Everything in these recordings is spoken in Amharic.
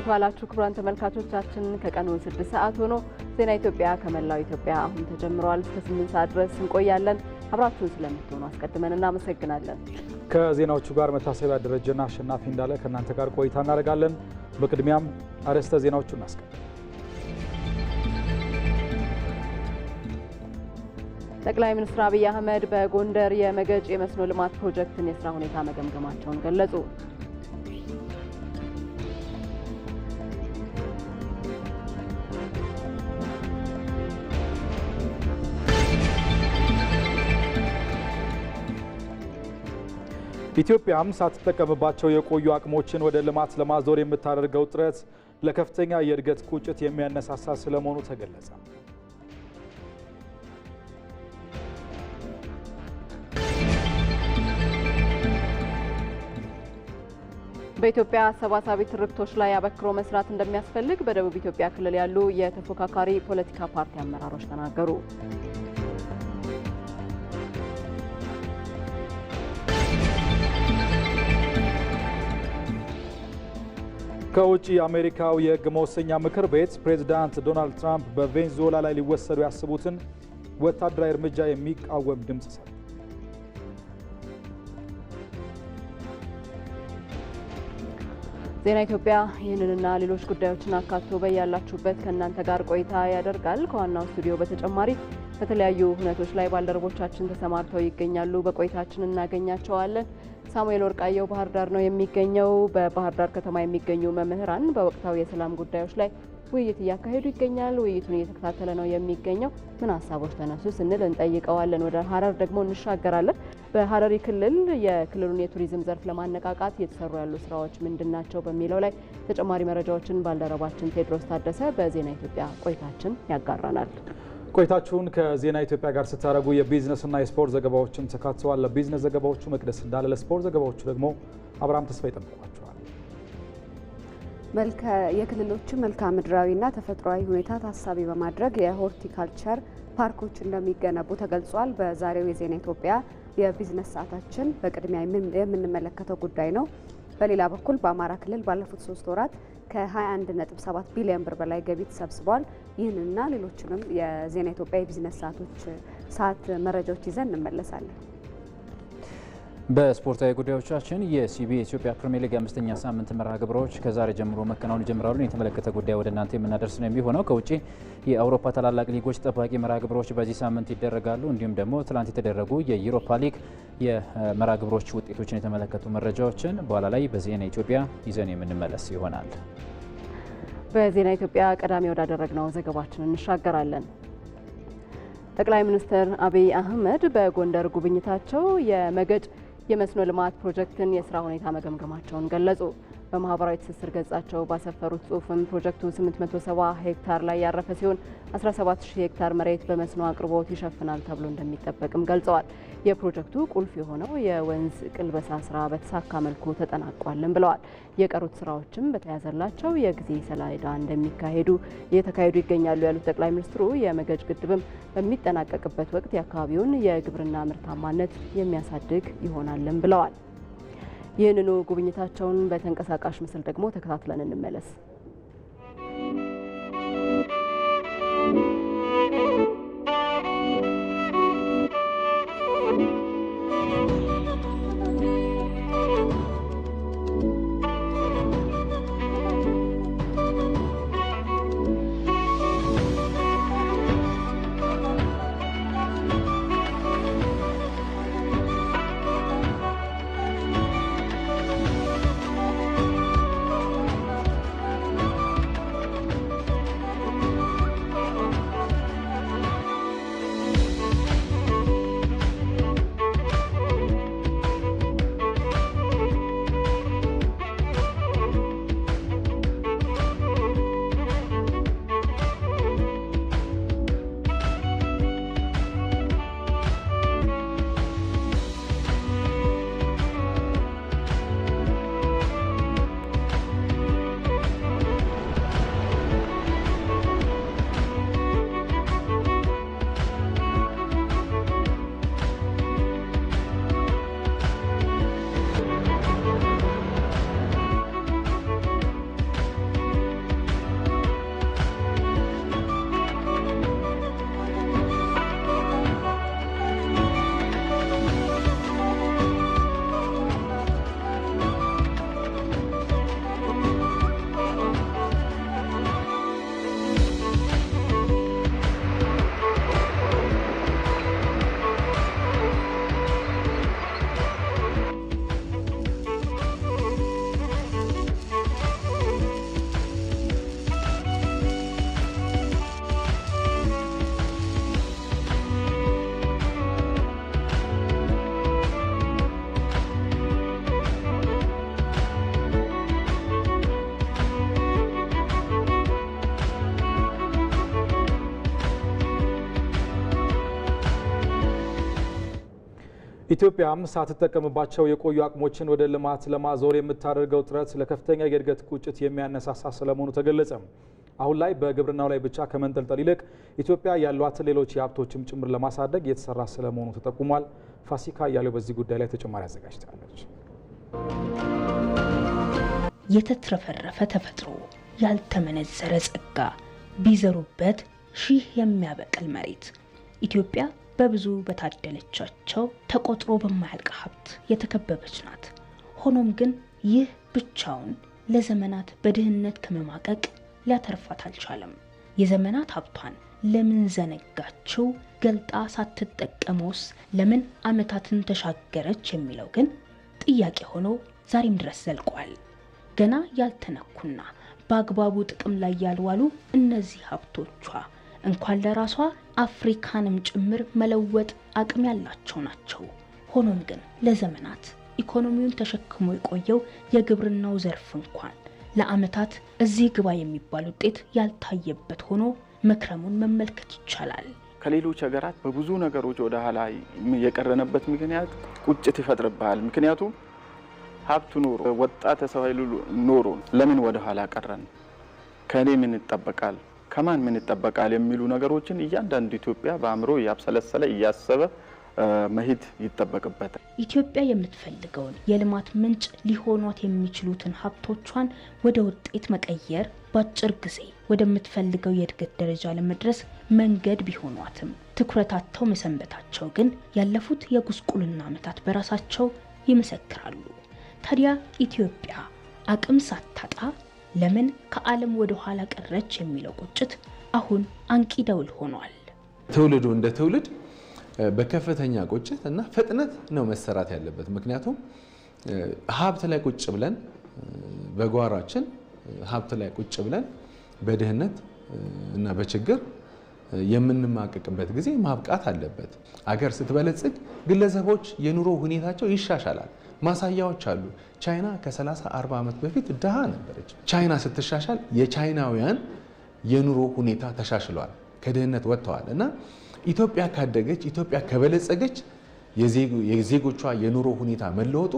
እንዴት ዋላችሁ ክቡራን ተመልካቾቻችን። ከቀኑ ስድስት ሰዓት ሆኖ ዜና ኢትዮጵያ ከመላው ኢትዮጵያ አሁን ተጀምረዋል። እስከ ስምንት ሰዓት ድረስ እንቆያለን። አብራችሁን ስለምትሆኑ አስቀድመን እናመሰግናለን። ከዜናዎቹ ጋር መታሰቢያ ደረጀና አሸናፊ እንዳለ ከእናንተ ጋር ቆይታ እናደርጋለን። በቅድሚያም አርዕስተ ዜናዎቹ እናስቀድም። ጠቅላይ ሚኒስትር አብይ አህመድ በጎንደር የመገጭ የመስኖ ልማት ፕሮጀክትን የስራ ሁኔታ መገምገማቸውን ገለጹ። ኢትዮጵያም ሳትጠቀምባቸው የቆዩ አቅሞችን ወደ ልማት ለማዞር የምታደርገው ጥረት ለከፍተኛ የእድገት ቁጭት የሚያነሳሳ ስለመሆኑ ተገለጸ። በኢትዮጵያ ሰባሳቢ ትርክቶች ላይ አበክሮ መስራት እንደሚያስፈልግ በደቡብ ኢትዮጵያ ክልል ያሉ የተፎካካሪ ፖለቲካ ፓርቲ አመራሮች ተናገሩ። ከውጭ የአሜሪካው የህግ መወሰኛ ምክር ቤት ፕሬዝዳንት ዶናልድ ትራምፕ በቬንዙዌላ ላይ ሊወሰዱ ያስቡትን ወታደራዊ እርምጃ የሚቃወም ድምፅ ሰጥ ዜና ኢትዮጵያ ይህንንና ሌሎች ጉዳዮችን አካቶ በያላችሁበት ከእናንተ ጋር ቆይታ ያደርጋል። ከዋናው ስቱዲዮ በተጨማሪ በተለያዩ ሁነቶች ላይ ባልደረቦቻችን ተሰማርተው ይገኛሉ። በቆይታችን እናገኛቸዋለን። ሳሙኤል ወርቃየው ባህር ዳር ነው የሚገኘው። በባህር ዳር ከተማ የሚገኙ መምህራን በወቅታዊ የሰላም ጉዳዮች ላይ ውይይት እያካሄዱ ይገኛል። ውይይቱን እየተከታተለ ነው የሚገኘው። ምን ሀሳቦች ተነሱ ስንል እንጠይቀዋለን። ወደ ሀረር ደግሞ እንሻገራለን። በሀረሪ ክልል የክልሉን የቱሪዝም ዘርፍ ለማነቃቃት እየተሰሩ ያሉ ስራዎች ምንድን ናቸው በሚለው ላይ ተጨማሪ መረጃዎችን ባልደረባችን ቴድሮስ ታደሰ በዜና ኢትዮጵያ ቆይታችን ያጋራናል። ቆይታችሁን ከዜና ኢትዮጵያ ጋር ስታደርጉ የቢዝነስና የስፖርት ዘገባዎችን ተካተዋል። ለቢዝነስ ዘገባዎቹ መቅደስ እንዳለ፣ ለስፖርት ዘገባዎቹ ደግሞ አብርሃም ተስፋ ይጠብቋቸዋል። የክልሎችን መልክዓ ምድራዊና ተፈጥሯዊ ሁኔታ ታሳቢ በማድረግ የሆርቲካልቸር ፓርኮች እንደሚገነቡ ተገልጿል። በዛሬው የዜና ኢትዮጵያ የቢዝነስ ሰዓታችን በቅድሚያ የምንመለከተው ጉዳይ ነው። በሌላ በኩል በአማራ ክልል ባለፉት ሶስት ወራት ከ21.7 ቢሊዮን ብር በላይ ገቢ ተሰብስቧል። ይህንና ሌሎችንም የዜና ኢትዮጵያ የቢዝነስ ሰዓቶች ሰዓት መረጃዎች ይዘን እንመለሳለን። በስፖርታዊ ጉዳዮቻችን የሲቢ ኢትዮጵያ ፕሪሚየር ሊግ አምስተኛ ሳምንት መርሃ ግብሮች ከዛሬ ጀምሮ መከናወን ይጀምራሉ። የተመለከተ ጉዳይ ወደ እናንተ የምናደርስ ነው የሚሆነው። ከውጭ የአውሮፓ ታላላቅ ሊጎች ጠባቂ መርሃ ግብሮች በዚህ ሳምንት ይደረጋሉ። እንዲሁም ደግሞ ትላንት የተደረጉ የዩሮፓ ሊግ የመርሃ ግብሮች ውጤቶችን የተመለከቱ መረጃዎችን በኋላ ላይ በዜና ኢትዮጵያ ይዘን የምንመለስ ይሆናል። በዜና ኢትዮጵያ ቀዳሚ ወዳደረግነው ዘገባችን እንሻገራለን። ጠቅላይ ሚኒስትር አብይ አህመድ በጎንደር ጉብኝታቸው የመገጭ የመስኖ ልማት ፕሮጀክትን የስራ ሁኔታ መገምገማቸውን ገለጹ። በማህበራዊ ትስስር ገጻቸው ባሰፈሩት ጽሁፍም ፕሮጀክቱ 870 ሄክታር ላይ ያረፈ ሲሆን 170 ሄክታር መሬት በመስኖ አቅርቦት ይሸፍናል ተብሎ እንደሚጠበቅም ገልጸዋል። የፕሮጀክቱ ቁልፍ የሆነው የወንዝ ቅልበሳ ስራ በተሳካ መልኩ ተጠናቋልን ብለዋል። የቀሩት ስራዎችም በተያዘላቸው የጊዜ ሰሌዳ እንደሚካሄዱ እየተካሄዱ ይገኛሉ ያሉት ጠቅላይ ሚኒስትሩ የመገጭ ግድብም በሚጠናቀቅበት ወቅት የአካባቢውን የግብርና ምርታማነት የሚያሳድግ ይሆናል እንሰራለን ብለዋል። ይህንኑ ጉብኝታቸውን በተንቀሳቃሽ ምስል ደግሞ ተከታትለን እንመለስ። ኢትዮጵያም ሳትጠቀምባቸው የቆዩ አቅሞችን ወደ ልማት ለማዞር የምታደርገው ጥረት ለከፍተኛ የእድገት ቁጭት የሚያነሳሳ ስለመሆኑ ተገለጸ። አሁን ላይ በግብርናው ላይ ብቻ ከመንጠልጠል ይልቅ ኢትዮጵያ ያሏትን ሌሎች የሀብቶችም ጭምር ለማሳደግ የተሰራ ስለመሆኑ ተጠቁሟል። ፋሲካ እያለው በዚህ ጉዳይ ላይ ተጨማሪ አዘጋጅታለች። የተትረፈረፈ ተፈጥሮ፣ ያልተመነዘረ ጸጋ፣ ቢዘሩበት ሺህ የሚያበቅል መሬት ኢትዮጵያ በብዙ በታደለቻቸው ተቆጥሮ በማያልቅ ሀብት የተከበበች ናት። ሆኖም ግን ይህ ብቻውን ለዘመናት በድህነት ከመማቀቅ ሊያተርፋት አልቻለም። የዘመናት ሀብቷን ለምን ዘነጋችው? ገልጣ ሳትጠቀመውስ ለምን ዓመታትን ተሻገረች? የሚለው ግን ጥያቄ ሆኖ ዛሬም ድረስ ዘልቋል። ገና ያልተነኩና በአግባቡ ጥቅም ላይ ያልዋሉ እነዚህ ሀብቶቿ እንኳን ለራሷ አፍሪካንም ጭምር መለወጥ አቅም ያላቸው ናቸው። ሆኖም ግን ለዘመናት ኢኮኖሚውን ተሸክሞ የቆየው የግብርናው ዘርፍ እንኳን ለዓመታት እዚህ ግባ የሚባል ውጤት ያልታየበት ሆኖ መክረሙን መመልከት ይቻላል። ከሌሎች ሀገራት በብዙ ነገሮች ወደ ኋላ የቀረነበት ምክንያት ቁጭት ይፈጥርብሃል። ምክንያቱም ሀብቱ ኖሮ ወጣት ሰው ኃይሉ ኖሮ ለምን ወደ ኋላ ቀረን? ከእኔ ምን ይጠበቃል? ከማን ምን ይጠበቃል የሚሉ ነገሮችን እያንዳንዱ ኢትዮጵያ በአእምሮ እያብሰለሰለ እያሰበ መሄድ ይጠበቅበታል። ኢትዮጵያ የምትፈልገውን የልማት ምንጭ ሊሆኗት የሚችሉትን ሀብቶቿን ወደ ውጤት መቀየር በአጭር ጊዜ ወደምትፈልገው የእድገት ደረጃ ለመድረስ መንገድ ቢሆኗትም ትኩረት አጥተው መሰንበታቸው ግን ያለፉት የጉስቁልና ዓመታት በራሳቸው ይመሰክራሉ። ታዲያ ኢትዮጵያ አቅም ሳታጣ ለምን ከዓለም ወደ ኋላ ቀረች የሚለው ቁጭት አሁን አንቂ ደውል ሆኗል። ትውልዱ እንደ ትውልድ በከፍተኛ ቁጭት እና ፍጥነት ነው መሰራት ያለበት። ምክንያቱም ሀብት ላይ ቁጭ ብለን በጓሯችን ሀብት ላይ ቁጭ ብለን በድህነት እና በችግር የምንማቀቅበት ጊዜ ማብቃት አለበት። አገር ስትበለጽግ ግለሰቦች የኑሮ ሁኔታቸው ይሻሻላል። ማሳያዎች አሉ። ቻይና ከ30 40 ዓመት በፊት ድሃ ነበረች። ቻይና ስትሻሻል የቻይናውያን የኑሮ ሁኔታ ተሻሽሏል፣ ከድህነት ወጥተዋል። እና ኢትዮጵያ ካደገች፣ ኢትዮጵያ ከበለጸገች የዜጎቿ የኑሮ ሁኔታ መለወጡ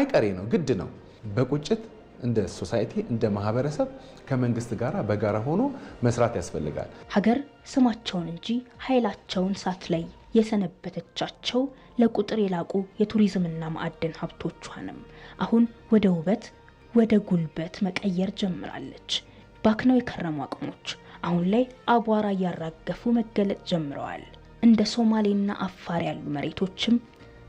አይቀሬ ነው፣ ግድ ነው። በቁጭት እንደ ሶሳይቲ እንደ ማህበረሰብ ከመንግስት ጋር በጋራ ሆኖ መስራት ያስፈልጋል። ሀገር ስማቸውን እንጂ ኃይላቸውን ሳትለይ የሰነበተቻቸው ለቁጥር የላቁ የቱሪዝምና ማዕድን ሀብቶቿንም አሁን ወደ ውበት፣ ወደ ጉልበት መቀየር ጀምራለች። ባክነው የከረሙ አቅሞች አሁን ላይ አቧራ እያራገፉ መገለጥ ጀምረዋል። እንደ ሶማሌና አፋር ያሉ መሬቶችም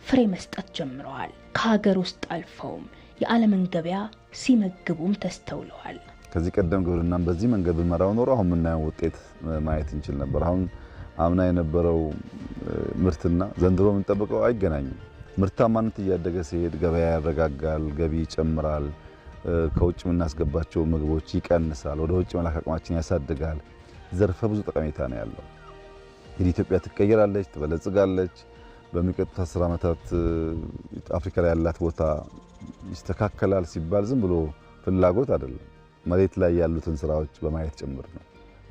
ፍሬ መስጠት ጀምረዋል። ከሀገር ውስጥ አልፈውም የዓለምን ገበያ ሲመግቡም ተስተውለዋል። ከዚህ ቀደም ግብርናን በዚህ መንገድ ብመራው ኖሮ አሁን የምናየው ውጤት ማየት እንችል ነበር። አሁን አምና የነበረው ምርትና ዘንድሮ የምንጠብቀው አይገናኝም። ምርታማነት እያደገ ሲሄድ ገበያ ያረጋጋል፣ ገቢ ይጨምራል፣ ከውጭ የምናስገባቸው ምግቦች ይቀንሳል፣ ወደ ውጭ መላክ አቅማችን ያሳድጋል። ዘርፈ ብዙ ጠቀሜታ ነው ያለው። እንግዲህ ኢትዮጵያ ትቀየራለች፣ ትበለጽጋለች። በሚቀጥሉት አስር ዓመታት አፍሪካ ላይ ያላት ቦታ ይስተካከላል ሲባል ዝም ብሎ ፍላጎት አይደለም፣ መሬት ላይ ያሉትን ስራዎች በማየት ጭምር ነው።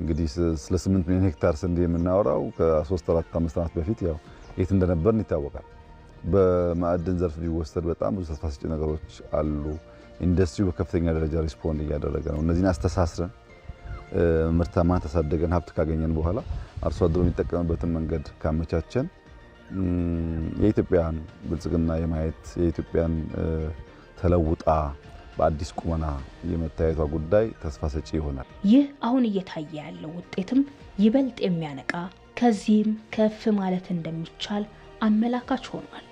እንግዲህ ስለ 8 ሚሊዮን ሄክታር ስንዴ የምናወራው ከ3 4 5 ዓመት በፊት ያው የት እንደነበርን ይታወቃል። በማዕድን ዘርፍ ቢወሰድ በጣም ብዙ ተስፋ ሰጪ ነገሮች አሉ። ኢንዱስትሪው በከፍተኛ ደረጃ ሪስፖንድ እያደረገ ነው። እነዚህን አስተሳስረን ምርታማ ተሳደገን ሀብት ካገኘን በኋላ አርሶ አደሩ የሚጠቀምበትን መንገድ ካመቻቸን የኢትዮጵያን ብልጽግና የማየት የኢትዮጵያን ተለውጣ በአዲስ ቁመና የመታየቷ ጉዳይ ተስፋ ሰጪ ይሆናል። ይህ አሁን እየታየ ያለው ውጤትም ይበልጥ የሚያነቃ ከዚህም ከፍ ማለት እንደሚቻል አመላካች ሆኗል።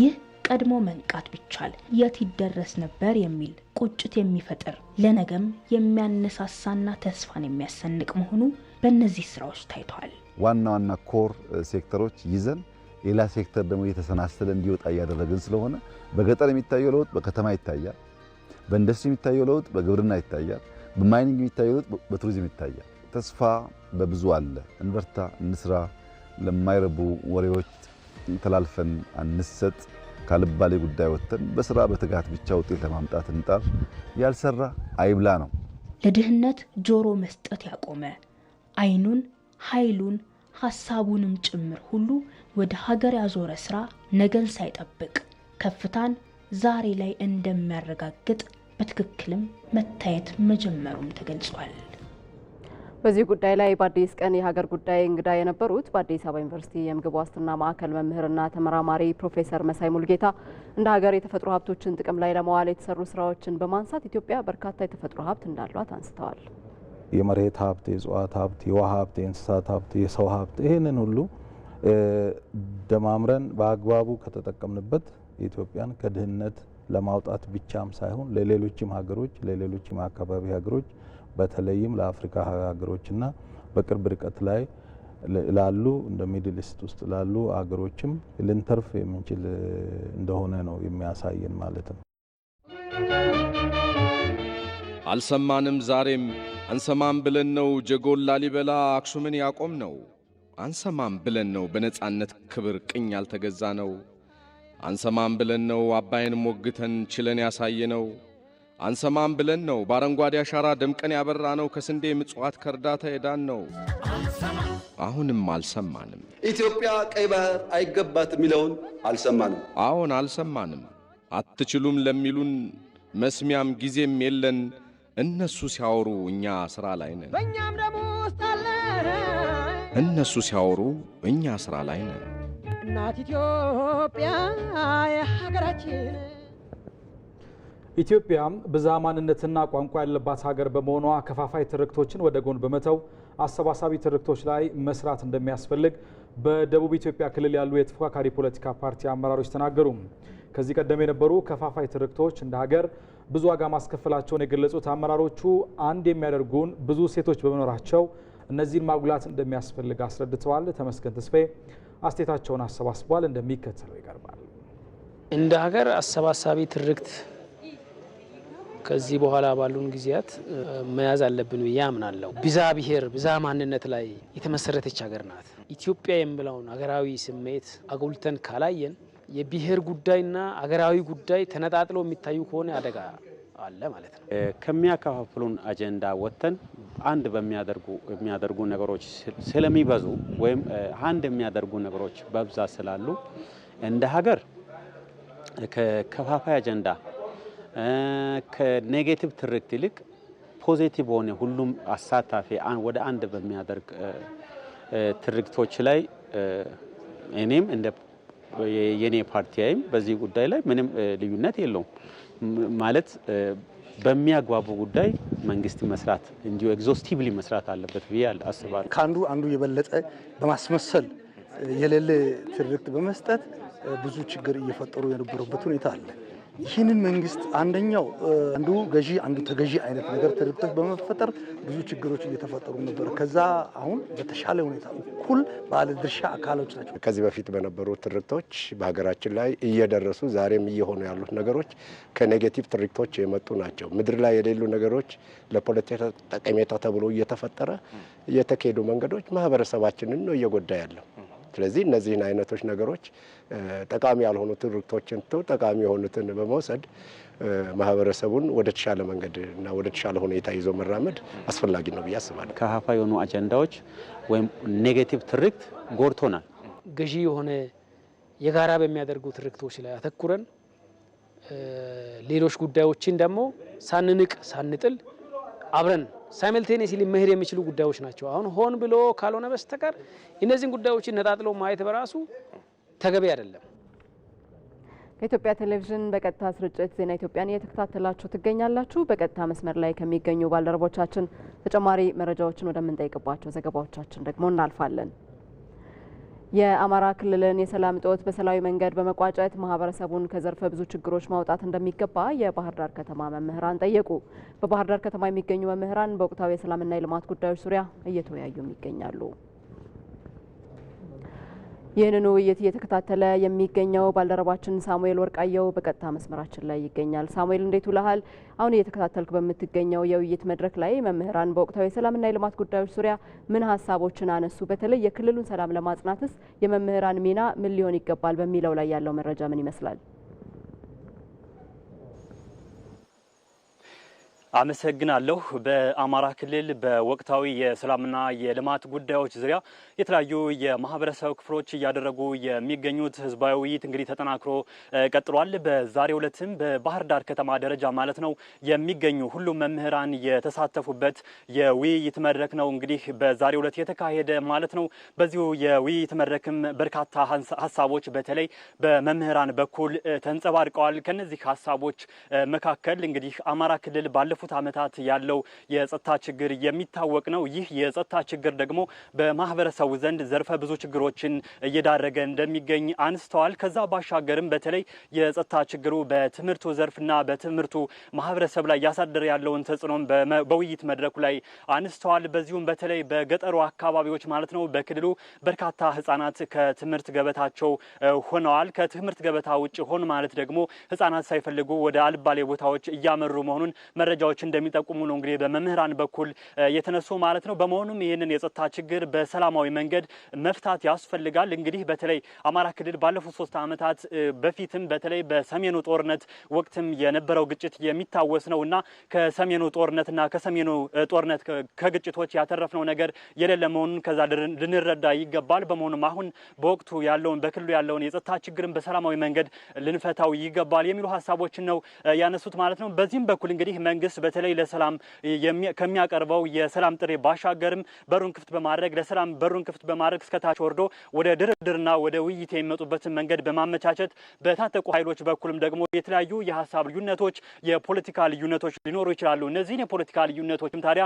ይህ ቀድሞ መንቃት ቢቻል የት ይደረስ ነበር የሚል ቁጭት የሚፈጥር ለነገም የሚያነሳሳና ተስፋን የሚያሰንቅ መሆኑ በእነዚህ ስራዎች ታይተዋል። ዋና ዋና ኮር ሴክተሮች ይዘን ሌላ ሴክተር ደግሞ እየተሰናሰለ እንዲወጣ እያደረግን ስለሆነ በገጠር የሚታየው ለውጥ በከተማ ይታያል። በኢንዱስትሪ የሚታየው ለውጥ በግብርና ይታያል። በማይኒንግ የሚታየው ለውጥ በቱሪዝም ይታያል። ተስፋ በብዙ አለ። እንበርታ፣ እንስራ። ለማይረቡ ወሬዎች ተላልፈን አንሰጥ። ካልባሌ ጉዳይ ወጥተን በስራ በትጋት ብቻ ውጤት ለማምጣት እንጣር። ያልሰራ አይብላ ነው። ለድህነት ጆሮ መስጠት ያቆመ አይኑን፣ ኃይሉን፣ ሀሳቡንም ጭምር ሁሉ ወደ ሀገር ያዞረ ስራ ነገን ሳይጠብቅ ከፍታን ዛሬ ላይ እንደሚያረጋግጥ በትክክልም መታየት መጀመሩም ተገልጿል። በዚህ ጉዳይ ላይ በአዲስ ቀን የሀገር ጉዳይ እንግዳ የነበሩት በአዲስ አበባ ዩኒቨርሲቲ የምግብ ዋስትና ማዕከል መምህርና ተመራማሪ ፕሮፌሰር መሳይ ሙልጌታ እንደ ሀገር የተፈጥሮ ሀብቶችን ጥቅም ላይ ለመዋል የተሰሩ ስራዎችን በማንሳት ኢትዮጵያ በርካታ የተፈጥሮ ሀብት እንዳሏት አንስተዋል። የመሬት ሀብት፣ የእጽዋት ሀብት፣ የውሃ ሀብት፣ የእንስሳት ሀብት፣ የሰው ሀብት ይህንን ሁሉ ደማምረን በአግባቡ ከተጠቀምንበት ኢትዮጵያን ከድህነት ለማውጣት ብቻም ሳይሆን ለሌሎችም ሀገሮች ለሌሎችም አካባቢ ሀገሮች በተለይም ለአፍሪካ ሀገሮችና በቅርብ ርቀት ላይ ላሉ እንደ ሚድል ኢስት ውስጥ ላሉ ሀገሮችም ልንተርፍ የምንችል እንደሆነ ነው የሚያሳየን ማለት ነው። አልሰማንም ዛሬም አንሰማም ብለን ነው ጀጎል ላሊበላ አክሱምን ያቆም ነው። አንሰማም ብለን ነው በነጻነት ክብር ቅኝ ያልተገዛ ነው። አንሰማም ብለን ነው አባይን ሞግተን ችለን ያሳየነው። አንሰማም ብለን ነው በአረንጓዴ አሻራ ደምቀን ያበራ ነው ከስንዴ ምጽዋት ከእርዳታ የዳን ነው። አሁንም አልሰማንም። ኢትዮጵያ ቀይ ባህር አይገባት የሚለውን አልሰማንም። አዎን አልሰማንም። አትችሉም ለሚሉን መስሚያም ጊዜም የለን። እነሱ ሲያወሩ እኛ ሥራ ላይ ነን። እነሱ ሲያወሩ እኛ ሥራ ላይ ነን። እናት ኢትዮጵያ ሀገራችን ኢትዮጵያ ብዝሃ ማንነትና ቋንቋ ያለባት ሀገር በመሆኗ ከፋፋይ ትርክቶችን ወደ ጎን በመተው አሰባሳቢ ትርክቶች ላይ መስራት እንደሚያስፈልግ በደቡብ ኢትዮጵያ ክልል ያሉ የተፎካካሪ ፖለቲካ ፓርቲ አመራሮች ተናገሩ። ከዚህ ቀደም የነበሩ ከፋፋይ ትርክቶች እንደ ሀገር ብዙ ዋጋ ማስከፈላቸውን የገለጹት አመራሮቹ አንድ የሚያደርጉን ብዙ ሴቶች በመኖራቸው እነዚህን ማጉላት እንደሚያስፈልግ አስረድተዋል። ተመስገን ተስፋዬ አስቴታቸውን አሰባስቧል፣ እንደሚከተለው ይቀርባል። እንደ ሀገር አሰባሳቢ ትርክት ከዚህ በኋላ ባሉን ጊዜያት መያዝ አለብን ብዬ አምናለሁ። ብዛ ብሔር፣ ብዛ ማንነት ላይ የተመሰረተች ሀገር ናት ኢትዮጵያ የምለውን ሀገራዊ ስሜት አጉልተን ካላየን የብሔር ጉዳይና ሀገራዊ ጉዳይ ተነጣጥለው የሚታዩ ከሆነ አደጋ አለ ማለት ነው። ከሚያከፋፍሉን አጀንዳ ወጥተን አንድ የሚያደርጉ ነገሮች ስለሚበዙ ወይም አንድ የሚያደርጉ ነገሮች በብዛት ስላሉ እንደ ሀገር ከከፋፋይ አጀንዳ ከኔጌቲቭ ትርክት ይልቅ ፖዚቲቭ ሆነ ሁሉም አሳታፊ ወደ አንድ በሚያደርግ ትርክቶች ላይ እኔም እንደ የኔ ይም በዚህ ጉዳይ ላይ ምንም ልዩነት የለውም። ማለት በሚያግባቡ ጉዳይ መንግስት መስራት እንዲሁ ኤግዞስቲቭሊ መስራት አለበት ብዬ አስባለሁ። ከአንዱ አንዱ የበለጠ በማስመሰል የሌለ ትርክት በመስጠት ብዙ ችግር እየፈጠሩ የነበሩበት ሁኔታ አለ። ይህንን መንግስት አንደኛው አንዱ ገዢ አንዱ ተገዢ አይነት ነገር ተደርቶች በመፈጠር ብዙ ችግሮች እየተፈጠሩ ነበር። ከዛ አሁን በተሻለ ሁኔታ እኩል ድርሻ አካሎች ናቸው። ከዚህ በፊት በነበሩ ትርክቶች በሀገራችን ላይ እየደረሱ ዛሬም እየሆኑ ያሉት ነገሮች ከኔጌቲቭ ትርክቶች የመጡ ናቸው። ምድር ላይ የሌሉ ነገሮች ለፖለቲካ ጠቀሜታ ተብሎ እየተፈጠረ እየተካሄዱ መንገዶች ማህበረሰባችንን ነው እየጎዳ ያለው። ስለዚህ እነዚህን አይነቶች ነገሮች ጠቃሚ ያልሆኑትን ርክቶችን ትተው ጠቃሚ የሆኑትን በመውሰድ ማህበረሰቡን ወደ ተሻለ መንገድ እና ወደ ተሻለ ሁኔታ ይዞ መራመድ አስፈላጊ ነው ብዬ አስባለሁ። ከሀፋ የሆኑ አጀንዳዎች ወይም ኔጌቲቭ ትርክት ጎድቶናል። ገዢ የሆነ የጋራ በሚያደርጉ ትርክቶች ላይ አተኩረን ሌሎች ጉዳዮችን ደግሞ ሳንንቅ ሳንጥል አብረን ሳይመልቴኒየስሊ መሄድ የሚችሉ ጉዳዮች ናቸው። አሁን ሆን ብሎ ካልሆነ በስተቀር እነዚህን ጉዳዮችን ነጣጥሎ ማየት በራሱ ተገቢ አይደለም። ከኢትዮጵያ ቴሌቪዥን በቀጥታ ስርጭት ዜና ኢትዮጵያን እየተከታተላችሁ ትገኛላችሁ። በቀጥታ መስመር ላይ ከሚገኙ ባልደረቦቻችን ተጨማሪ መረጃዎችን ወደምንጠይቅባቸው ዘገባዎቻችን ደግሞ እናልፋለን። የአማራ ክልልን የሰላም እጦት በሰላማዊ መንገድ በመቋጨት ማህበረሰቡን ከዘርፈ ብዙ ችግሮች ማውጣት እንደሚገባ የባህር ዳር ከተማ መምህራን ጠየቁ። በባህር ዳር ከተማ የሚገኙ መምህራን በወቅታዊ የሰላምና የልማት ጉዳዮች ዙሪያ እየተወያዩም ይገኛሉ። ይህንን ውይይት እየተከታተለ የሚገኘው ባልደረባችን ሳሙኤል ወርቃየው በቀጥታ መስመራችን ላይ ይገኛል። ሳሙኤል እንዴት ውለሃል? አሁን እየተከታተልክ በምትገኘው የውይይት መድረክ ላይ መምህራን በወቅታዊ የሰላምና የልማት ጉዳዮች ዙሪያ ምን ሀሳቦችን አነሱ? በተለይ የክልሉን ሰላም ለማጽናትስ የመምህራን ሚና ምን ሊሆን ይገባል በሚለው ላይ ያለው መረጃ ምን ይመስላል? አመሰግናለሁ። በአማራ ክልል በወቅታዊ የሰላምና የልማት ጉዳዮች ዙሪያ የተለያዩ የማህበረሰብ ክፍሎች እያደረጉ የሚገኙት ህዝባዊ ውይይት እንግዲህ ተጠናክሮ ቀጥሏል። በዛሬው ዕለትም በባህር ዳር ከተማ ደረጃ ማለት ነው የሚገኙ ሁሉም መምህራን የተሳተፉበት የውይይት መድረክ ነው እንግዲህ በዛሬው ዕለት የተካሄደ ማለት ነው። በዚሁ የውይይት መድረክም በርካታ ሀሳቦች በተለይ በመምህራን በኩል ተንጸባርቀዋል። ከነዚህ ሀሳቦች መካከል እንግዲህ አማራ ክልል ባለፈው ባለፉት ዓመታት ያለው የጸጥታ ችግር የሚታወቅ ነው። ይህ የጸጥታ ችግር ደግሞ በማህበረሰቡ ዘንድ ዘርፈ ብዙ ችግሮችን እየዳረገ እንደሚገኝ አንስተዋል። ከዛ ባሻገርም በተለይ የጸጥታ ችግሩ በትምህርቱ ዘርፍና በትምህርቱ ማህበረሰብ ላይ እያሳደረ ያለውን ተጽዕኖም በውይይት መድረኩ ላይ አንስተዋል። በዚሁም በተለይ በገጠሩ አካባቢዎች ማለት ነው በክልሉ በርካታ ህጻናት ከትምህርት ገበታቸው ሆነዋል። ከትምህርት ገበታ ውጭ ሆን ማለት ደግሞ ህጻናት ሳይፈልጉ ወደ አልባሌ ቦታዎች እያመሩ መሆኑን መረጃዎች መረጃዎች እንደሚጠቁሙ ነው እንግዲህ በመምህራን በኩል የተነሱ ማለት ነው። በመሆኑም ይህንን የጸጥታ ችግር በሰላማዊ መንገድ መፍታት ያስፈልጋል። እንግዲህ በተለይ አማራ ክልል ባለፉት ሶስት ዓመታት በፊትም በተለይ በሰሜኑ ጦርነት ወቅትም የነበረው ግጭት የሚታወስ ነው እና ከሰሜኑ ጦርነትና ከሰሜኑ ጦርነት ከግጭቶች ያተረፍነው ነገር የሌለ መሆኑን ከዛ ልንረዳ ይገባል። በመሆኑም አሁን በወቅቱ ያለውን በክልሉ ያለውን የጸጥታ ችግርን በሰላማዊ መንገድ ልንፈታው ይገባል የሚሉ ሀሳቦችን ነው ያነሱት ማለት ነው። በዚህም በኩል እንግዲህ መንግስት በተለይ ለሰላም ከሚያቀርበው የሰላም ጥሪ ባሻገርም በሩን ክፍት በማድረግ ለሰላም በሩን ክፍት በማድረግ እስከታች ወርዶ ወደ ድርድርና ወደ ውይይት የሚመጡበትን መንገድ በማመቻቸት በታጠቁ ኃይሎች በኩልም ደግሞ የተለያዩ የሀሳብ ልዩነቶች፣ የፖለቲካ ልዩነቶች ሊኖሩ ይችላሉ። እነዚህን የፖለቲካ ልዩነቶችም ታዲያ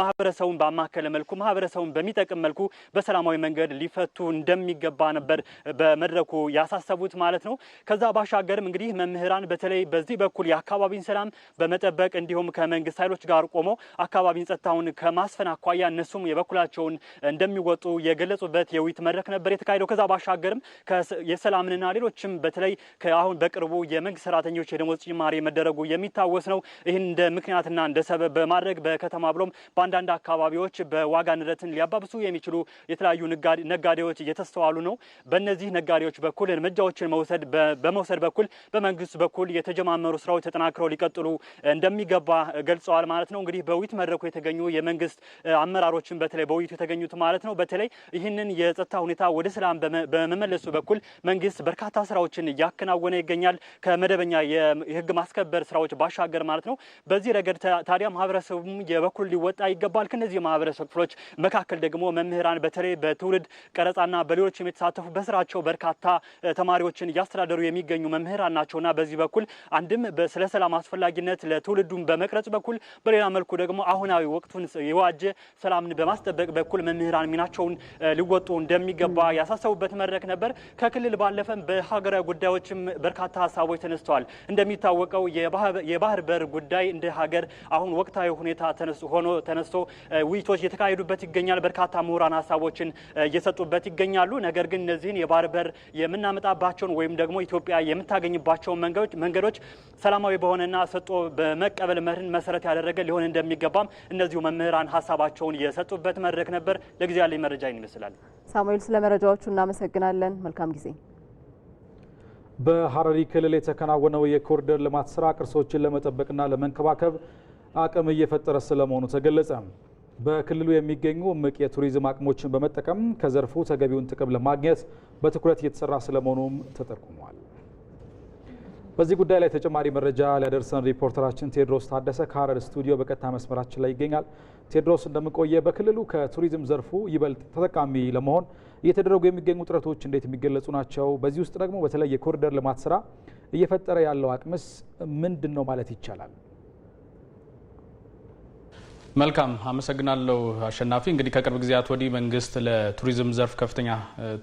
ማህበረሰቡን ባማከለ መልኩ ማህበረሰቡን በሚጠቅም መልኩ በሰላማዊ መንገድ ሊፈቱ እንደሚገባ ነበር በመድረኩ ያሳሰቡት ማለት ነው። ከዛ ባሻገርም እንግዲህ መምህራን በተለይ በዚህ በኩል የአካባቢን ሰላም በመጠበቅ እንዲሁም ከመንግስት ኃይሎች ጋር ቆሞ አካባቢን ጸጥታውን ከማስፈን አኳያ እነሱም የበኩላቸውን እንደሚወጡ የገለጹበት የውይይት መድረክ ነበር የተካሄደው። ከዛ ባሻገርም የሰላምንና ሌሎችም በተለይ አሁን በቅርቡ የመንግስት ሰራተኞች የደሞዝ ጭማሪ መደረጉ የሚታወስ ነው። ይህን እንደ ምክንያትና እንደ ሰበብ በማድረግ በከተማ ብሎም በአንዳንድ አካባቢዎች በዋጋ ንረትን ሊያባብሱ የሚችሉ የተለያዩ ነጋዴዎች እየተስተዋሉ ነው። በእነዚህ ነጋዴዎች በኩል እርምጃዎችን በመውሰድ በኩል በመንግስት በኩል የተጀማመሩ ስራዎች ተጠናክረው ሊቀጥሉ እንደሚገባ ገልጸዋል ማለት ነው። እንግዲህ በውይይት መድረኩ የተገኙ የመንግስት አመራሮችን በተለይ በውይይቱ የተገኙት ማለት ነው በተለይ ይህንን የጸጥታ ሁኔታ ወደ ሰላም በመመለሱ በኩል መንግስት በርካታ ስራዎችን እያከናወነ ይገኛል ከመደበኛ የህግ ማስከበር ስራዎች ባሻገር ማለት ነው። በዚህ ረገድ ታዲያ ማህበረሰቡም የበኩል ሊወጣ ይገባል። ከነዚህ የማህበረሰብ ክፍሎች መካከል ደግሞ መምህራን በተለይ በትውልድ ቀረጻና በሌሎች የተሳተፉ በስራቸው በርካታ ተማሪዎችን እያስተዳደሩ የሚገኙ መምህራን ናቸውና በዚህ በኩል አንድም ስለ ሰላም አስፈላጊነት ለትውልዱም በመቅረ በመቅረጽ በኩል በሌላ መልኩ ደግሞ አሁናዊ ወቅቱን የዋጀ ሰላምን በማስጠበቅ በኩል መምህራን ሚናቸውን ሊወጡ እንደሚገባ ያሳሰቡበት መድረክ ነበር። ከክልል ባለፈም በሀገራዊ ጉዳዮችም በርካታ ሀሳቦች ተነስተዋል። እንደሚታወቀው የባህር በር ጉዳይ እንደ ሀገር አሁን ወቅታዊ ሁኔታ ሆኖ ተነስቶ ውይይቶች እየተካሄዱበት ይገኛል። በርካታ ምሁራን ሀሳቦችን እየሰጡበት ይገኛሉ። ነገር ግን እነዚህን የባህር በር የምናመጣባቸውን ወይም ደግሞ ኢትዮጵያ የምታገኝባቸውን መንገዶች ሰላማዊ በሆነና ሰጦ በመቀበል ባህልን መሰረት ያደረገ ሊሆን እንደሚገባም እነዚሁ መምህራን ሀሳባቸውን የሰጡበት መድረክ ነበር። ለጊዜ ያለኝ መረጃ ይህን ይመስላል። ሳሙኤል፣ ስለ መረጃዎቹ እናመሰግናለን። መልካም ጊዜ። በሐረሪ ክልል የተከናወነው የኮሪደር ልማት ስራ ቅርሶችን ለመጠበቅና ለመንከባከብ አቅም እየፈጠረ ስለመሆኑ ተገለጸ። በክልሉ የሚገኙ እምቅ የቱሪዝም አቅሞችን በመጠቀም ከዘርፉ ተገቢውን ጥቅም ለማግኘት በትኩረት እየተሰራ ስለመሆኑም ተጠቁሟል። በዚህ ጉዳይ ላይ ተጨማሪ መረጃ ሊያደርሰን ሪፖርተራችን ቴድሮስ ታደሰ ከሀረር ስቱዲዮ በቀጥታ መስመራችን ላይ ይገኛል። ቴድሮስ እንደምቆየ፣ በክልሉ ከቱሪዝም ዘርፉ ይበልጥ ተጠቃሚ ለመሆን እየተደረጉ የሚገኙ ጥረቶች እንዴት የሚገለጹ ናቸው? በዚህ ውስጥ ደግሞ በተለይ የኮሪደር ልማት ስራ እየፈጠረ ያለው አቅምስ ምንድን ነው ማለት ይቻላል? መልካም አመሰግናለሁ አሸናፊ። እንግዲህ ከቅርብ ጊዜያት ወዲህ መንግስት ለቱሪዝም ዘርፍ ከፍተኛ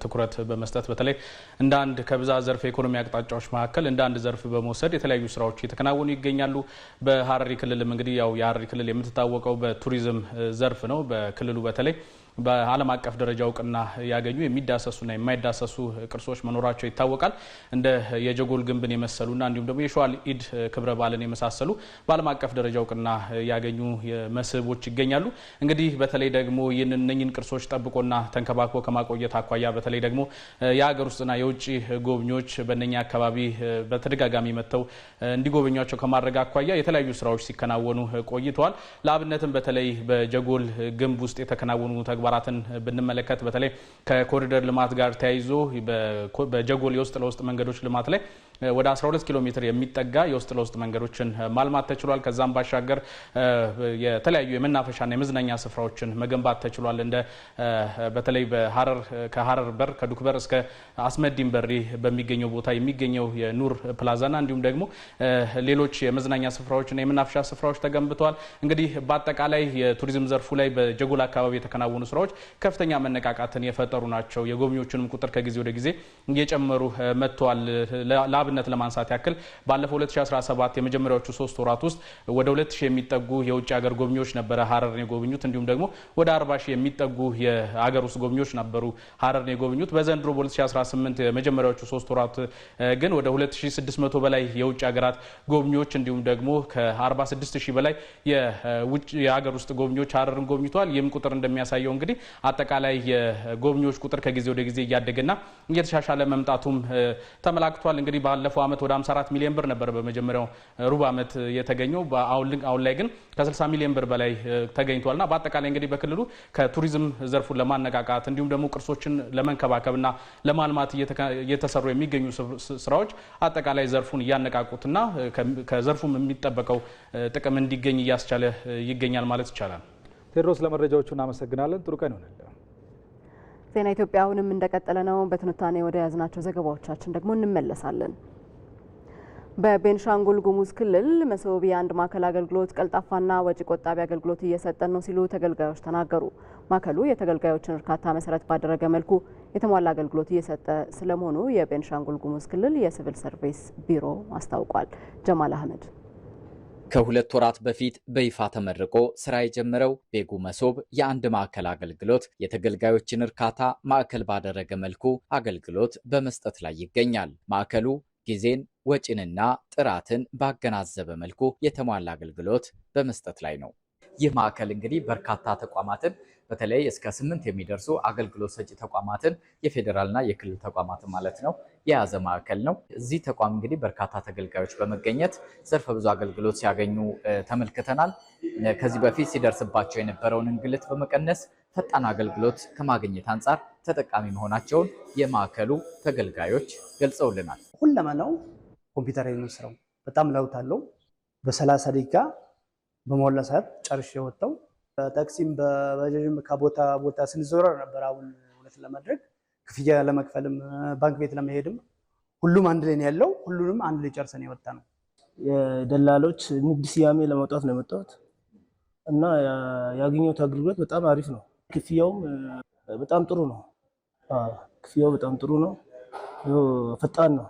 ትኩረት በመስጠት በተለይ እንደ አንድ ከብዛ ዘርፍ የኢኮኖሚ አቅጣጫዎች መካከል እንደ አንድ ዘርፍ በመውሰድ የተለያዩ ስራዎች እየተከናወኑ ይገኛሉ። በሀረሪ ክልልም እንግዲህ ያው የሀረሪ ክልል የምትታወቀው በቱሪዝም ዘርፍ ነው። በክልሉ በተለይ በዓለም አቀፍ ደረጃ እውቅና ያገኙ የሚዳሰሱና የማይዳሰሱ ቅርሶች መኖራቸው ይታወቃል። እንደ የጀጎል ግንብን የመሰሉና እንዲሁም ደግሞ የሸዋል ኢድ ክብረ በዓልን የመሳሰሉ በዓለም አቀፍ ደረጃ እውቅና ያገኙ መስህቦች ይገኛሉ። እንግዲህ በተለይ ደግሞ ይህንን ቅርሶች ጠብቆና ተንከባክቦ ከማቆየት አኳያ በተለይ ደግሞ የሀገር ውስጥና የውጭ ጎብኚዎች በነኛ አካባቢ በተደጋጋሚ መጥተው እንዲጎበኟቸው ከማድረግ አኳያ የተለያዩ ስራዎች ሲከናወኑ ቆይተዋል። ለአብነትም በተለይ በጀጎል ግንብ ውስጥ የተከናወኑ ተግባራትን ብንመለከት በተለይ ከኮሪደር ልማት ጋር ተያይዞ በጀጎል የውስጥ ለውስጥ መንገዶች ልማት ላይ ወደ 12 ኪሎ ሜትር የሚጠጋ የውስጥ ለውስጥ መንገዶችን ማልማት ተችሏል። ከዛም ባሻገር የተለያዩ የመናፈሻና የመዝናኛ ስፍራዎችን መገንባት ተችሏል። እንደ በተለይ በሀረር ከሀረር በር ከዱክ በር እስከ አስመዲን በሪ በሚገኘው ቦታ የሚገኘው የኑር ፕላዛና እንዲሁም ደግሞ ሌሎች የመዝናኛ ስፍራዎችና የመናፈሻ ስፍራዎች ተገንብተዋል። እንግዲህ በአጠቃላይ የቱሪዝም ዘርፉ ላይ በጀጎል አካባቢ የተከናወኑ ስራዎች ከፍተኛ መነቃቃትን የፈጠሩ ናቸው። የጎብኚዎችንም ቁጥር ከጊዜ ወደ ጊዜ እየጨመሩ መጥተዋል። አብነት ለማንሳት ያክል ባለፈው 2017 የመጀመሪያዎቹ ሶስት ወራት ውስጥ ወደ 2000 የሚጠጉ የውጭ ሀገር ጎብኚዎች ነበረ ሀረርን የጎብኙት። እንዲሁም ደግሞ ወደ 40 ሺህ የሚጠጉ የሀገር ውስጥ ጎብኚዎች ነበሩ ሀረርን የጎብኙት። በዘንድሮ በ2018 የመጀመሪያዎቹ ሶስት ወራት ግን ወደ 2600 በላይ የውጭ ሀገራት ጎብኚዎች እንዲሁም ደግሞ ከ46 ሺህ በላይ የሀገር ውስጥ ጎብኚዎች ሀረርን ጎብኝተዋል። ይህም ቁጥር እንደሚያሳየው እንግዲህ አጠቃላይ የጎብኚዎች ቁጥር ከጊዜ ወደ ጊዜ እያደገና እየተሻሻለ መምጣቱም ተመላክቷል። እንግዲህ ባለፈው ዓመት ወደ 54 ሚሊዮን ብር ነበር በመጀመሪያው ሩብ ዓመት የተገኘው። አሁን ላይ ግን ከ60 ሚሊዮን ብር በላይ ተገኝቷልና በአጠቃላይ እንግዲህ በክልሉ ከቱሪዝም ዘርፉን ለማነቃቃት እንዲሁም ደግሞ ቅርሶችን ለመንከባከብና ለማልማት እየተሰሩ የሚገኙ ስራዎች አጠቃላይ ዘርፉን እያነቃቁትና ከዘርፉም የሚጠበቀው ጥቅም እንዲገኝ እያስቻለ ይገኛል ማለት ይቻላል። ቴድሮስ፣ ለመረጃዎቹ እናመሰግናለን። ጥሩ ቀን ይሆንልን። ዜና ኢትዮጵያ አሁንም እንደቀጠለ ነው። በትንታኔ ወደ ያዝናቸው ዘገባዎቻችን ደግሞ እንመለሳለን። በቤንሻንጉል ጉሙዝ ክልል መሶብ የአንድ ማዕከል አገልግሎት ቀልጣፋና ወጪ ቆጣቢ አገልግሎት እየሰጠን ነው ሲሉ ተገልጋዮች ተናገሩ። ማዕከሉ የተገልጋዮችን እርካታ መሰረት ባደረገ መልኩ የተሟላ አገልግሎት እየሰጠ ስለመሆኑ የቤንሻንጉል ጉሙዝ ክልል የሲቪል ሰርቪስ ቢሮ አስታውቋል። ጀማል አህመድ ከሁለት ወራት በፊት በይፋ ተመርቆ ስራ የጀመረው ቤጉ መሶብ የአንድ ማዕከል አገልግሎት የተገልጋዮችን እርካታ ማዕከል ባደረገ መልኩ አገልግሎት በመስጠት ላይ ይገኛል። ማዕከሉ ጊዜን ወጪንና ጥራትን ባገናዘበ መልኩ የተሟላ አገልግሎት በመስጠት ላይ ነው። ይህ ማዕከል እንግዲህ በርካታ ተቋማትን በተለይ እስከ ስምንት የሚደርሱ አገልግሎት ሰጪ ተቋማትን የፌዴራልና የክልል ተቋማት ማለት ነው የያዘ ማዕከል ነው። እዚህ ተቋም እንግዲህ በርካታ ተገልጋዮች በመገኘት ዘርፈ ብዙ አገልግሎት ሲያገኙ ተመልክተናል። ከዚህ በፊት ሲደርስባቸው የነበረውን እንግልት በመቀነስ ፈጣን አገልግሎት ከማግኘት አንጻር ተጠቃሚ መሆናቸውን የማዕከሉ ተገልጋዮች ገልጸውልናል። ሁለመናው ኮምፒውተር ስራው በጣም ለውጥ አለው። በሰላሳ ደቂቃ በሞላ ሰዓት ጨርሼ በታክሲም በባጃጅም ከቦታ ቦታ ስንዞረር ነበር። አሁን እውነት ለማድረግ ክፍያ ለመክፈልም ባንክ ቤት ለመሄድም ሁሉም አንድ ላይ ነው ያለው። ሁሉንም አንድ ላይ ጨርሰን የወጣ ነው። የደላሎች ንግድ ስያሜ ለማውጣት ነው የመጣሁት እና ያገኘሁት አገልግሎት በጣም አሪፍ ነው። ክፍያውም በጣም ጥሩ ነው። ክፍያው በጣም ጥሩ ነው። ፈጣን ነው።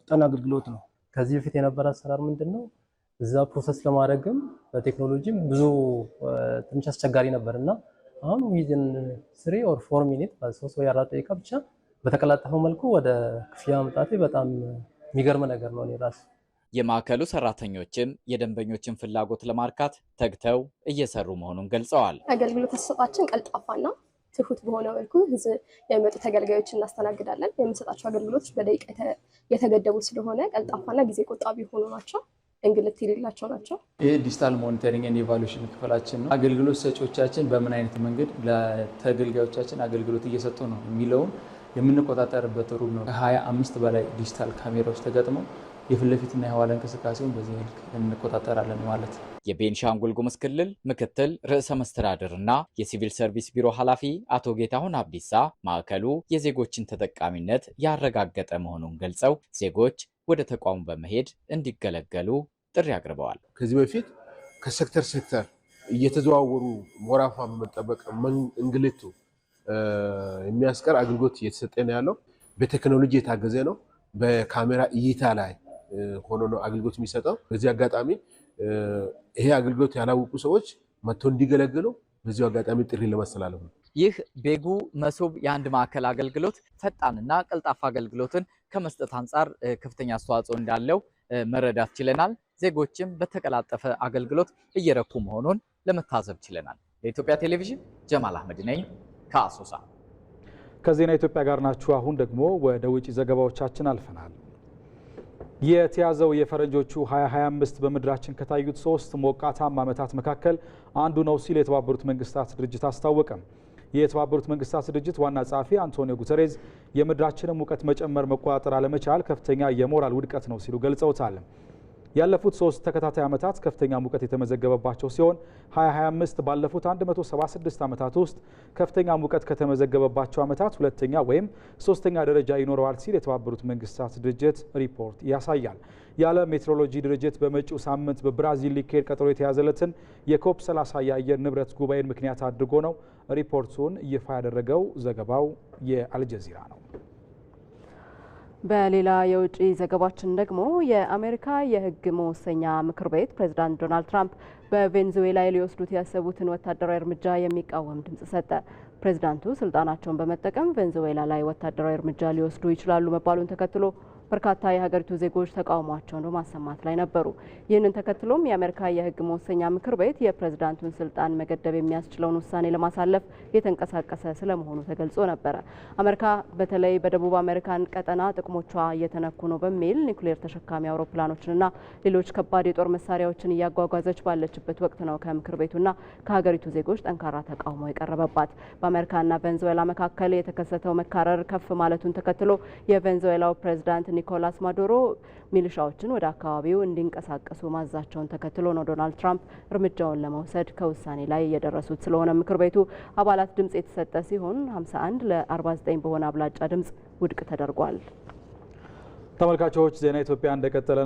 ፈጣን አገልግሎት ነው። ከዚህ በፊት የነበረ አሰራር ምንድን ነው? እዛ ፕሮሰስ ለማድረግም በቴክኖሎጂም ብዙ ትንሽ አስቸጋሪ ነበር እና አሁን ዊዝን ስሪ ኦር ፎር ሚኒት ሶስት ወይ አራት ደቂቃ ብቻ በተቀላጠፈው መልኩ ወደ ክፍያ መምጣቴ በጣም የሚገርም ነገር ነው። ራሱ የማዕከሉ ሰራተኞችም የደንበኞችን ፍላጎት ለማርካት ተግተው እየሰሩ መሆኑን ገልጸዋል። አገልግሎት አሰጣችን ቀልጣፋና ትሁት በሆነ መልኩ ህዝብ የሚመጡ ተገልጋዮች እናስተናግዳለን። የምንሰጣቸው አገልግሎቶች በደቂቃ የተገደቡ ስለሆነ ቀልጣፋና ጊዜ ቆጣቢ ሆኑ ናቸው። እንግልት የሌላቸው ናቸው። ይህ ዲጂታል ሞኒተሪንግ ኤንድ ኢቫሉዌሽን ክፍላችን ነው። አገልግሎት ሰጪዎቻችን በምን አይነት መንገድ ለተገልጋዮቻችን አገልግሎት እየሰጡ ነው የሚለውን የምንቆጣጠርበት ሩብ ነው። ከሀያ አምስት በላይ ዲጂታል ካሜራዎች ተገጥመው የፊት ለፊትና የኋላ እንቅስቃሴውን በዚህ መልክ እንቆጣጠራለን ማለት ነው። የቤንሻንጉል ጉሙዝ ክልል ምክትል ርዕሰ መስተዳድር እና የሲቪል ሰርቪስ ቢሮ ኃላፊ አቶ ጌታሁን አብዲሳ ማዕከሉ የዜጎችን ተጠቃሚነት ያረጋገጠ መሆኑን ገልጸው ዜጎች ወደ ተቋሙ በመሄድ እንዲገለገሉ ጥሪ አቅርበዋል። ከዚህ በፊት ከሴክተር ሴክተር እየተዘዋወሩ ወራፋ በመጠበቅ እንግልቱ የሚያስቀር አገልግሎት እየተሰጠ ነው ያለው። በቴክኖሎጂ የታገዘ ነው። በካሜራ እይታ ላይ ሆኖ ነው አገልግሎት የሚሰጠው። በዚህ አጋጣሚ ይሄ አገልግሎት ያላወቁ ሰዎች መጥቶ እንዲገለግሉ በዚሁ አጋጣሚ ጥሪ ለማስተላለፍ ነው። ይህ ቤጉ መሶብ የአንድ ማዕከል አገልግሎት ፈጣንና ቀልጣፋ አገልግሎትን ከመስጠት አንጻር ከፍተኛ አስተዋጽኦ እንዳለው መረዳት ችለናል። ዜጎችም በተቀላጠፈ አገልግሎት እየረኩ መሆኑን ለመታዘብ ችለናል። ለኢትዮጵያ ቴሌቪዥን ጀማል አህመድ ነኝ ከአሶሳ። ከዜና ኢትዮጵያ ጋር ናችሁ። አሁን ደግሞ ወደ ውጭ ዘገባዎቻችን አልፈናል። የተያዘው የፈረንጆቹ 2025 በምድራችን ከታዩት ሶስት ሞቃታማ ዓመታት መካከል አንዱ ነው ሲል የተባበሩት መንግስታት ድርጅት አስታወቀ። የተባበሩት መንግስታት ድርጅት ዋና ጸሐፊ አንቶኒዮ ጉተሬዝ የምድራችንን ሙቀት መጨመር መቆጣጠር አለመቻል ከፍተኛ የሞራል ውድቀት ነው ሲሉ ገልጸውታል። ያለፉት ሶስት ተከታታይ ዓመታት ከፍተኛ ሙቀት የተመዘገበባቸው ሲሆን 2025 ባለፉት 176 ዓመታት ውስጥ ከፍተኛ ሙቀት ከተመዘገበባቸው ዓመታት ሁለተኛ ወይም ሶስተኛ ደረጃ ይኖረዋል ሲል የተባበሩት መንግስታት ድርጅት ሪፖርት ያሳያል። የዓለም ሜትሮሎጂ ድርጅት በመጪው ሳምንት በብራዚል ሊካሄድ ቀጠሮ የተያዘለትን የኮፕ 30 የአየር ንብረት ጉባኤን ምክንያት አድርጎ ነው ሪፖርቱን ይፋ ያደረገው። ዘገባው የአልጀዚራ ነው። በሌላ የውጭ ዘገባችን ደግሞ የአሜሪካ የሕግ መወሰኛ ምክር ቤት ፕሬዝዳንት ዶናልድ ትራምፕ በቬንዙዌላ ሊወስዱት ያሰቡትን ወታደራዊ እርምጃ የሚቃወም ድምጽ ሰጠ። ፕሬዚዳንቱ ስልጣናቸውን በመጠቀም ቬንዙዌላ ላይ ወታደራዊ እርምጃ ሊወስዱ ይችላሉ መባሉን ተከትሎ በርካታ የሀገሪቱ ዜጎች ተቃውሟቸውን በማሰማት ላይ ነበሩ። ይህንን ተከትሎም የአሜሪካ የህግ መወሰኛ ምክር ቤት የፕሬዝዳንቱን ስልጣን መገደብ የሚያስችለውን ውሳኔ ለማሳለፍ የተንቀሳቀሰ ስለመሆኑ ተገልጾ ነበረ። አሜሪካ በተለይ በደቡብ አሜሪካን ቀጠና ጥቅሞቿ እየተነኩ ነው በሚል ኒውክሌር ተሸካሚ አውሮፕላኖችንና ሌሎች ከባድ የጦር መሳሪያዎችን እያጓጓዘች ባለችበት ወቅት ነው ከምክር ቤቱና ከሀገሪቱ ዜጎች ጠንካራ ተቃውሞ የቀረበባት። በአሜሪካና ቬንዙዌላ መካከል የተከሰተው መካረር ከፍ ማለቱን ተከትሎ የቬንዙዌላው ፕሬዝዳንት ኒኮላስ ማዶሮ ሚሊሻዎችን ወደ አካባቢው እንዲንቀሳቀሱ ማዛቸውን ተከትሎ ነው ዶናልድ ትራምፕ እርምጃውን ለመውሰድ ከውሳኔ ላይ የደረሱት። ስለሆነ ምክር ቤቱ አባላት ድምጽ የተሰጠ ሲሆን 51 ለ49 በሆነ አብላጫ ድምጽ ውድቅ ተደርጓል። ተመልካቾች ዜና ኢትዮጵያ እንደቀጠለ